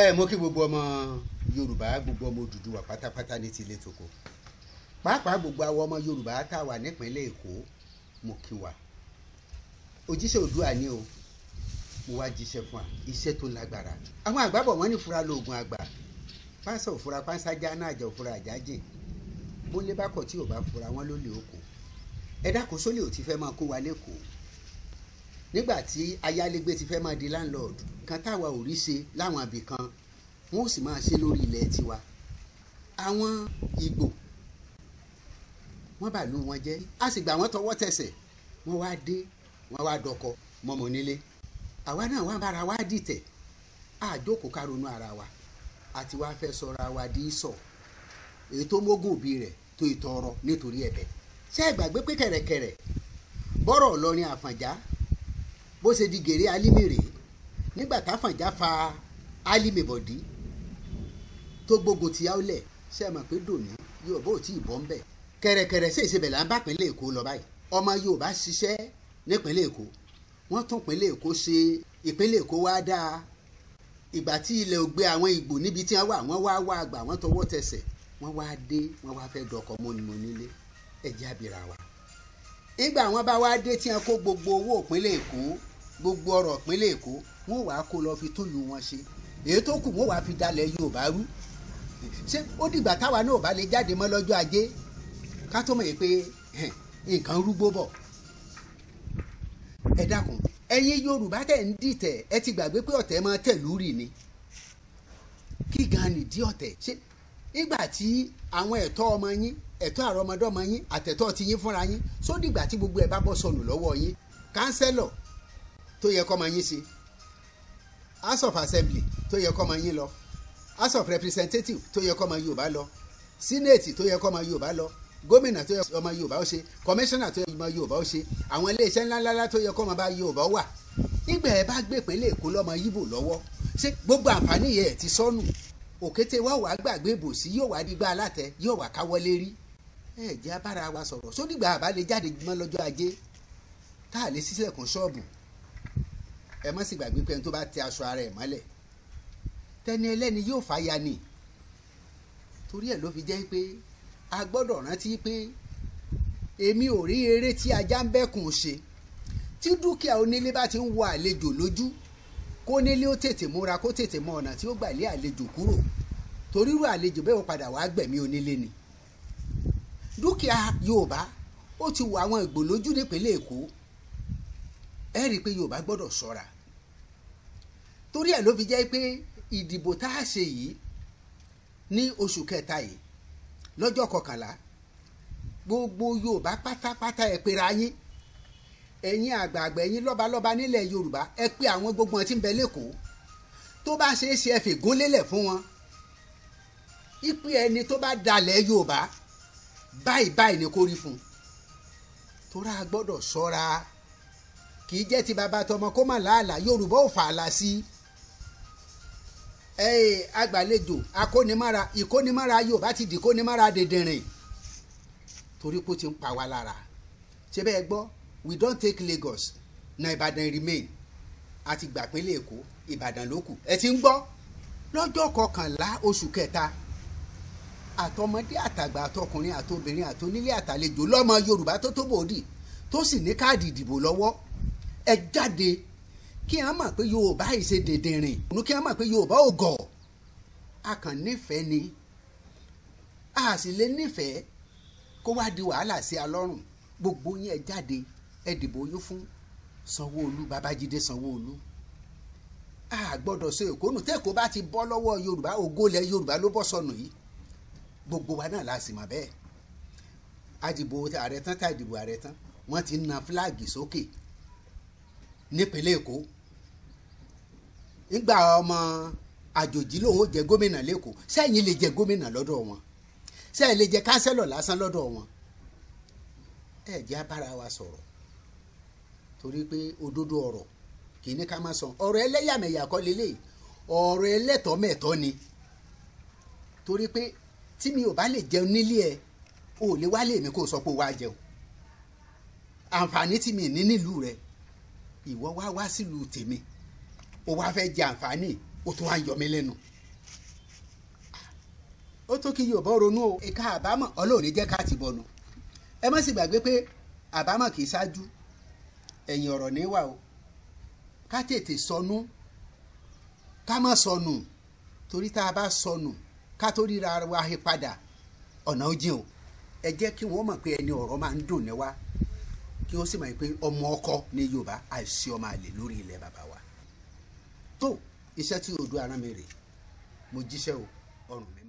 ẹ mo kí gbogbo ọmọ Yorùbá gbogbo ọmọ Odùduwà pátápátá ní tilé toko pàápàá gbogbo àwọn ọmọ Yorùbá tá a wà nípínlẹ̀ Èkó mo kí wa òjíṣẹ́ Oòduà ni o mo wá jíṣẹ́ fún wa iṣẹ́ tó lágbára àwọn àgbàbọ̀ wọ́n ní fura lóògùn àgbà pánsá òfura pánsá jáná àjà òfura àjájìn bó tí ò bá fura wọn ló lè oko ẹ dákun sólè ò ti fẹ́ máa kó wa lẹ́kọ̀ọ́ nígbà tí ayálégbé ti fẹ́ máa di landlord kan táwa ò rí ṣe láwọn àbí kan wọn ò sì máa ṣe lórí ilẹ̀ tiwa àwọn Ìgbò wọn bà lù wọn jẹ́ a sì gbà wọn tọwọ́ tẹsẹ̀ wọn wá dé wọn wá dọkọ mọmọ nílé àwa náà wá bára wa dìtẹ̀ àjókòó ká ronú ara wa àti wá fẹ́ sọra wa di sọ ètò mógùn òbí tó ìtọrọ nítorí ẹ̀bẹ̀ ṣé ẹ gbàgbé pé kẹ̀rẹ̀kẹ̀rẹ̀ bọ́rọ̀ lọ ní bó ṣe di gèrè Álímì rèé nígbà táfànjá fa Álímì bọ̀dí tó gbógun ti Awólẹ̀ ṣe é mọ̀ pé dòní Yorùbá ò tí ì bọ́ ń bẹ̀ kẹ̀rẹ̀kẹ̀rẹ̀ sì ṣe bẹ̀là ń bá pínlẹ̀ Èkó lọ báyìí ọmọ Yorùbá ṣiṣẹ́ nípínlẹ̀ Èkó wọ́n tún pínlẹ̀ Èkó ṣe ìpínlẹ̀ Èkó wá dáa ìgbà tí ilẹ̀ ògbé àwọn Ìgbò níbi tí wọ́n wà wọ́n wá wá àgbà wọ́n tọwọ́ tẹsẹ̀ wọ́n wá dé wọ́n wá fẹ́ dọkọ̀ mọ́nimọ́ nílé ẹ̀jẹ̀ àbírà wa. ìgbà wọn bá wá dé tí wọn kó gbogbo owó ìpínlẹ̀ Èkó gbogbo ọ̀rọ̀ ìpínlẹ̀ èkó wọn ò kó lọ fi túlù wọn ṣe èyí tó kù wọn ò fi dalẹ̀ yorùbá rú ṣé ó dìgbà táwa náà bá lè jáde mọ́ lọ́jọ́ ajé ká tó mọ̀ yìí pé nǹkan rúgbó bọ̀ ẹ dákun ẹ̀yin yorùbá tẹ̀ ń dìtẹ̀ ẹ ti gbàgbé pé ọ̀tẹ̀ máa tẹ̀lú rì ni kí gan nìdí ọ̀tẹ̀ ṣé nígbà tí àwọn ẹ̀tọ́ ọmọ yín ẹ̀tọ́ àrọ́mọdọ́mọ yín àtẹ̀tọ́ ti yín fúnra yín sódìgbà tí gbogbo ẹ̀ bá bọ́ sọnù lọ́wọ́ yín kánsẹ́lọ̀ tó yẹ kọ́ ọmọ yín ṣe house of assembly tó yẹ kọ́ ọmọ yín lọ house of representative tó yẹ kọ́ ọmọ yorùbá lọ senate tó yẹ kọ́ ọmọ yorùbá lọ gómìnà tó yẹ kọ́ ọmọ yorùbá ó ṣe kọmíṣánná tó yẹ kọ́ ọmọ yorùbá ó ṣe àwọn iléeṣẹ́ ńláńlá tó yẹ kọ́ ọmọ bá yorùbá wà nígbà ẹ bá gbé ìpínlẹ̀ èkó lọ́mọ yíbò lọ́wọ́ ṣé gbogbo àǹfààní yẹn ti sọnù òkété wa wàá gbàgbé bòsí yóò wá dígbà alátẹ yóò wá káwọlé rí ẹ jẹ́ abára wa sọ̀rọ̀ sódìgbà àbálẹ jáde mọ́ lọ́jọ́ ajé tá a lè ṣílẹ̀kùn ṣọ́ọ̀bù ẹ má sì gbàgbé pé ẹni tó bá tẹ aṣọ ara ẹ̀ mọ́lẹ̀ tẹni ẹlẹ́ni yóò fàya ni torí ẹ̀ ló fi jẹ́ pé a gbọ́dọ̀ rántí pé èmi ò rí eré tí ajá ń bẹ́kùn ṣe tí dúkìá onílé bá ti ń wọ àlejò lójú kó nílé ó tètè múra kó tètè mọ ọ̀nà tí ó gbà lé àlejò kúrò torí irú àlejò bẹ́ẹ̀ ó padà wàá gbẹ̀mí onílé ni dúkìá Yorùbá ó ti wọ àwọn ìgbò lójú nípínlẹ̀ Èkó ẹ rí i pé Yorùbá gbọ́dọ̀ ṣọ́ra torí ẹ̀ ló fi jẹ́ pé ìdìbò tá a ṣe yìí ní oṣù kẹta yìí lọ́jọ́ kọkànlá gbogbo Yorùbá pátápátá ẹ pera yín ẹ̀yin àgbààgbà ẹ̀yin lọ́balọ́ba nílẹ̀ Yorùbá ẹ pé àwọn gbogbo wọn tí ń bẹ lẹ́kọ̀ọ́ tó bá ṣeé ṣe ẹ fìgún lélẹ̀ fún wọn ìpè ẹni tó bá dalẹ̀ Yorùbá báyìí báyìí ni kò rí fún tó rà gbọ́dọ̀ ṣọ́ra. So kì í jẹ́ ti bàbá tọmọ kó má làálàá yorùbá ò fàálà sí ẹ̀ẹ́ agbàlejò akónimára ìkónimára yorùbá ti di ìkónimára dèdèrìn torí pé ti ń pa wá lára ṣé bẹ́ẹ̀ gbọ́ we don take Lagos na Ìbàdàn remain a ti gbà pínlẹ̀ Èkó Ìbàdàn ló kù ẹ ti ń gbọ́ lọ́jọ́ kọkànlá oṣù kẹta àtọmọdé àtàgbà àtọkùnrin àtobìnrin àtonílé àtàlejò lọ́mọ yorùbá tó tó bòódì tó sì ní káàdì ìdìbò lọ́wọ́ ẹ jáde kí a mọ̀ pé yorùbá yìí ṣe dèdèrìn ònú kí a mọ̀ pé yorùbá ò gọ̀ a kàn nífẹ̀ẹ́ ni a sì lè nífẹ̀ẹ́ kó wá di wàhálà sí alọ́rùn gbogbo yín ẹ jáde ẹ dìbò yín fún sanwó-olu babájídé a gbọ́dọ̀ sọ èkó nù tẹ́kọ̀ bá ti bọ́ lọ́wọ́ yorùbá ògólẹ̀ yorùbá ló bọ́ sọnù yìí gbogbo wa náà la sì mà bẹ́ẹ̀ àdìbò ààrẹ tán tá àdìbò ààrẹ tán wọ́n ti na fúláàgì sókè nípínlẹ̀ èkó nígbà ọmọ àjòjì lòun ò jẹ gómìnà lẹ́kọ̀ọ́ sẹ́yìn lè jẹ gómìnà lọ́dọ̀ wọn sẹ́yìn lè jẹ kánsẹ́lọ̀ lásán lọ́dọ̀ wọn ẹ jẹ́ abára wa sọ̀rọ̀ torí pé òdodo ọ̀rọ̀ kì í ní ká má sọ ọ̀rọ̀ ẹlẹ́yàmẹ̀yà kọ́ lélẹ̀ ọ̀rọ̀ ẹlẹ́tọ̀ọ́mẹ̀tọ́ ni torí pé tí mi ò bá lè jẹun nílé ẹ o ò lè wálé mi kó o sọ pé o wá jẹun àǹfààní tí mi ní nílùú rẹ ìwọ wá wá sílùú tèmi o wá fẹ́ jẹ àǹfààní o tún wá yọ mí lẹ́nu. ó tó kí yorùbá ronú o ìka àbámọ̀ ọlọ́ọ̀ni jẹ́ ká ti bọ̀nu ẹ má sì gbàgbé pé àbámọ̀ kì í ṣáájú ẹ̀yìn ọ̀rọ̀ níwà o ká tètè sọnù ká má sọnù torí tá a bá sọnù ká tó ríra wa padà ọ̀nà ó jìn o ẹ jẹ́ kí wọ́n mọ̀ pé ẹni ọ̀rọ̀ máa ń dùn ní wa. kí ó sì mọ̀ pé ọmọ ọkọ ní yorùbá àìsí ọmọ àlè lórí ilẹ̀ bàbá wa tó iṣẹ́ tí odò ara rè mo jíṣẹ́ o ọrùn mi.